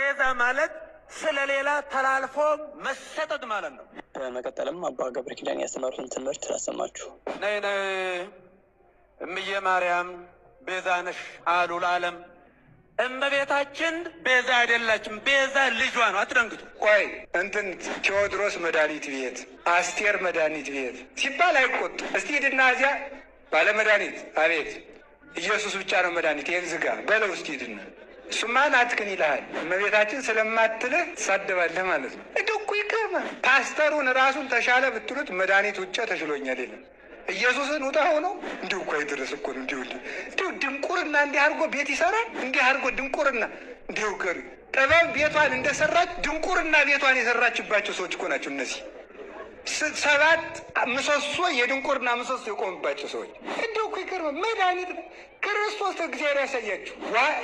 ቤዛ ማለት ስለሌላ ተላልፎ መሰጠት ማለት ነው። በመቀጠልም አባ ገብረ ኪዳን ያስተማሩትን ትምህርት ላሰማችሁ። ነይ ነይ እምዬ ማርያም ቤዛ ነሽ አሉ ለዓለም። እመቤታችን ቤዛ አይደላችም። ቤዛ ልጇ ነው። አትደንግጡ። ቆይ እንትን ቴዎድሮስ መድኃኒት ቤት፣ አስቴር መድኃኒት ቤት ሲባል አይቆጡ። እስቲ ሂድና እዚያ ባለመድኃኒት አቤት ኢየሱስ ብቻ ነው መድኃኒት ይህን ዝጋ በለው። እስቲ ሂድና ሱማን አትክን ይልሃል። እመቤታችን ስለማትልህ ትሳደባለህ ማለት ነው። እንደ እኮ ይገርማል። ፓስተሩን ራሱን ተሻለ ብትሉት መድኃኒት ውጭ ተሽሎኛል የለም ኢየሱስን ውጣ ሆኖ እንዲሁ እኮ አይደረስ እኮ ነው። እንዲሁ እንዲሁ ድንቁርና እንዲህ አድርጎ ቤት ይሰራል። እንዲህ አድርጎ ድንቁርና እንዲሁ ገሪ ጥበብ ቤቷን እንደሰራች ድንቁርና ቤቷን የሰራችባቸው ሰዎች እኮ ናቸው እነዚህ ሰባት ምሰሶ የድንቁርና ምሰሶ የቆምባቸው ሰዎች እንዲሁ እኮ ይገርማል። መድኃኒት ክርስቶስ እግዚአብሔር ያሳያችሁ።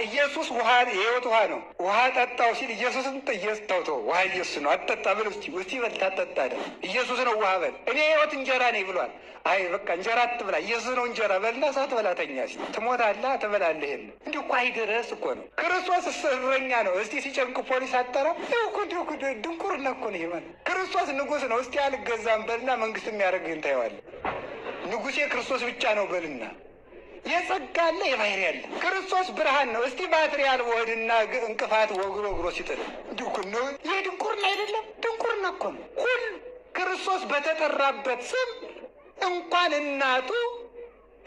ኢየሱስ ውሃ የህይወት ውሃ ነው። ውሃ ጠጣው ሲል ኢየሱስን ጠየስተውቶ ውሃ ኢየሱስ ነው። አጠጣ ብል ስ ውስ በል ታጠጣ ኢየሱስ ነው ውሃ በል። እኔ ህይወት እንጀራ ነኝ ብሏል። አይ በቃ እንጀራ አትብላ፣ ኢየሱስ ነው እንጀራ በልና ሳት በላተኛ ሲ ትሞታለህ፣ ትበላለህ። የለ እንዲ እኮ አይደረስ እኮ ነው። ክርስቶስ እስረኛ ነው። እስቲ ሲጨንቅ ፖሊስ አጠራ እኮ እንዲ ድንቁርና እኮ ነው ይመን ክርስቶስ ንጉስ ነው። እስቲ አልገዛም በልና መንግስት የሚያደርግህን ታየዋለህ። ንጉሴ ክርስቶስ ብቻ ነው በልና የጸጋ አለ፣ የባህሪ ያለ ክርስቶስ ብርሃን ነው። እስቲ ባትሪ አልወድና እንቅፋት ወግሮ ግሮ ሲጥል ድንቁርና ይህ ድንቁርና አይደለም፣ ድንቁርና እኮ ነው። ሁል ክርስቶስ በተጠራበት ስም እንኳን እናቱ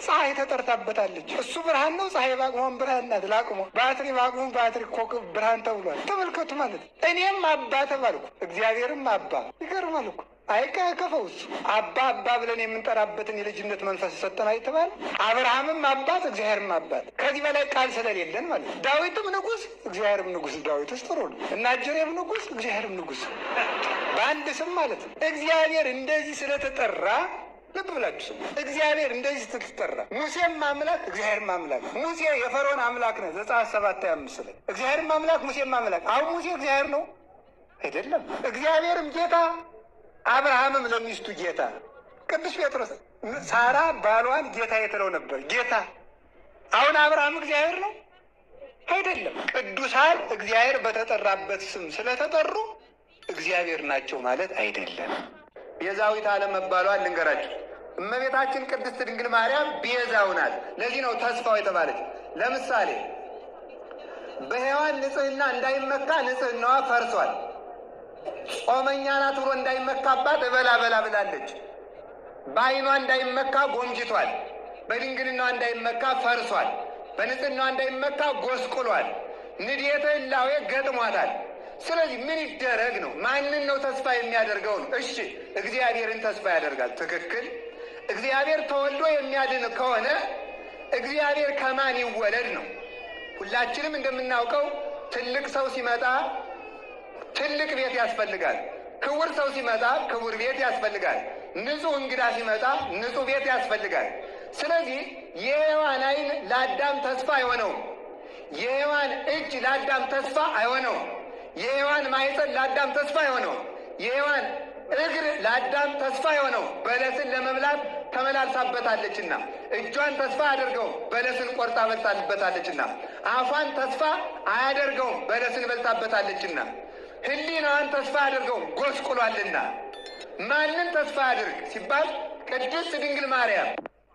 ፀሐይ ተጠርታበታለች። እሱ ብርሃን ነው። ፀሐይ ባቅሞን ብርሃን ናት። ላቅሞ ባትሪ ባቅሞን ባትሪ ኮከብ ብርሃን ተብሏል። ተመልከቱ ማለት እኔም አባ ተባልኩ፣ እግዚአብሔርም አባ ይገርማል እኮ አይከፈው እሱ አባ አባ ብለን የምንጠራበትን የልጅነት መንፈስ ሰጠን አይተባል። አብርሃምም አባት እግዚአብሔርም አባት ከዚህ በላይ ቃል ስለሌለን ማለት ነው። ዳዊትም ንጉስ እግዚአብሔርም ንጉስ ዳዊት ውስጥ ጥሩ ነው እና አጀሬም ንጉስ እግዚአብሔርም ንጉስ በአንድ ስም ማለት ነው። እግዚአብሔር እንደዚህ ስለተጠራ ልብ ብላችሁ እግዚአብሔር እንደዚህ ስትጠራ ሙሴም ማምላክ እግዚአብሔር ማምላክ ሙሴ የፈርዖን አምላክ ነው። ዘጸአት ሰባት አምስት ላይ እግዚአብሔርም አምላክ ሙሴም አምላክ። አሁን ሙሴ እግዚአብሔር ነው አይደለም? እግዚአብሔርም ጌታ አብርሃምም ነው ሚስቱ ጌታ። ቅዱስ ጴጥሮስ ሳራ ባሏን ጌታ የትለው ነበር ጌታ። አሁን አብርሃም እግዚአብሔር ነው አይደለም። ቅዱሳን እግዚአብሔር በተጠራበት ስም ስለተጠሩ እግዚአብሔር ናቸው ማለት አይደለም። ቤዛዊት አለመባሏን ልንገራችሁ። እመቤታችን ቅድስት ድንግል ማርያም ቤዛው ናት። ለዚህ ነው ተስፋው የተባለች። ለምሳሌ በሔዋን ንጽህና እንዳይመካ ንጽህናዋ ፈርሷል። ጾመኛ ናት ብሎ እንዳይመካባት እበላ በላ ብላለች። በአይኗ እንዳይመካ ጎምጅቷል። በድንግልናዋ እንዳይመካ ፈርሷል። በንጽህናዋ እንዳይመካ ጎስቁሏል። ንዴተ ላዌ ገጥሟታል። ስለዚህ ምን ይደረግ ነው? ማንን ነው ተስፋ የሚያደርገው ነው? እሺ እግዚአብሔርን ተስፋ ያደርጋል። ትክክል። እግዚአብሔር ተወልዶ የሚያድን ከሆነ እግዚአብሔር ከማን ይወለድ ነው? ሁላችንም እንደምናውቀው ትልቅ ሰው ሲመጣ ትልቅ ቤት ያስፈልጋል። ክቡር ሰው ሲመጣ ክቡር ቤት ያስፈልጋል። ንጹህ እንግዳ ሲመጣ ንጹህ ቤት ያስፈልጋል። ስለዚህ የሔዋን ዓይን ለአዳም ተስፋ አይሆነው፣ የሔዋን እጅ ለአዳም ተስፋ አይሆነው የሔዋን ማይፀን ለአዳም ተስፋ አይሆነው፣ የሔዋን እግር ለአዳም ተስፋ የሆነው በለስን ለመብላት ተመላልሳበታለችና፣ እጇን ተስፋ አያደርገውም በለስን ቆርጣ በልታበታለችና፣ አፏን ተስፋ አያደርገውም በለስን በልታበታለችና ህሊናዋን ተስፋ አድርገው ጎስቁሏልና ማንን ተስፋ አድርግ ሲባል ቅድስት ድንግል ማርያም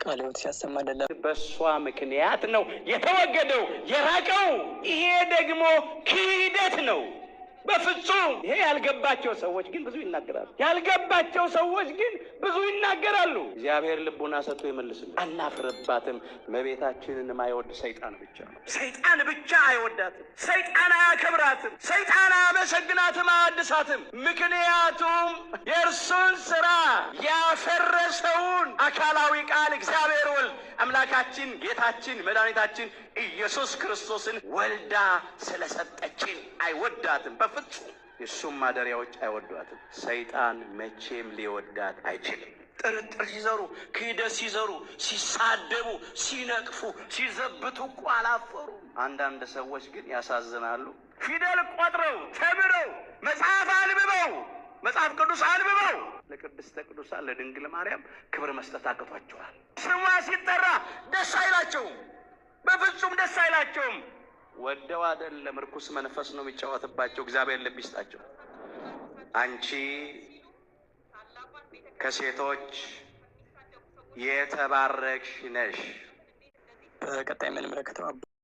ቃልዮት ሲያሰማ በእሷ ምክንያት ነው የተወገደው የራቀው። ይሄ ደግሞ ክህደት ነው። በፍጹም ይሄ ያልገባቸው ሰዎች ግን ብዙ ይናገራሉ። ያልገባቸው ሰዎች ግን ብዙ ይናገራሉ። እግዚአብሔር ልቡና ሰጥቶ ይመልስል። አናፍርባትም። መቤታችንን የማይወድ ሰይጣን ብቻ ነው። ሰይጣን ብቻ አይወዳትም። ሰይጣን አያከብራትም። ሰይጣን አያመሰግናትም፣ አያድሳትም። ምክንያቱም የእርሱን ስራ ያፈረሰውን አካላዊ ቃል እግዚአብሔር ወልድ አምላካችን ጌታችን መድኃኒታችን ኢየሱስ ክርስቶስን ወልዳ ስለሰጠችን አይወዳትም በፍጹም። የእሱም ማደሪያዎች አይወዷትም። ሰይጣን መቼም ሊወዳት አይችልም። ጥርጥር ሲዘሩ፣ ክህደት ሲዘሩ፣ ሲሳደቡ፣ ሲነቅፉ፣ ሲዘብቱ እኮ አላፈሩም። አንዳንድ ሰዎች ግን ያሳዝናሉ። ፊደል ቆጥረው ተምረው መጽሐፍ አንብበው መጽሐፍ ቅዱስ አንብበው ለቅድስተ ቅዱሳን ለድንግል ማርያም ክብር መስጠት አቅቷቸዋል። ስሟ ሲጠራ ደስ አይላቸውም። በፍጹም ደስ አይላቸውም። ወደው አይደለም፣ ርኩስ መንፈስ ነው የሚጫወትባቸው። እግዚአብሔር ልብ ይስጣቸው። አንቺ ከሴቶች የተባረክሽ ነሽ። በቀጣይ የምንመለከተው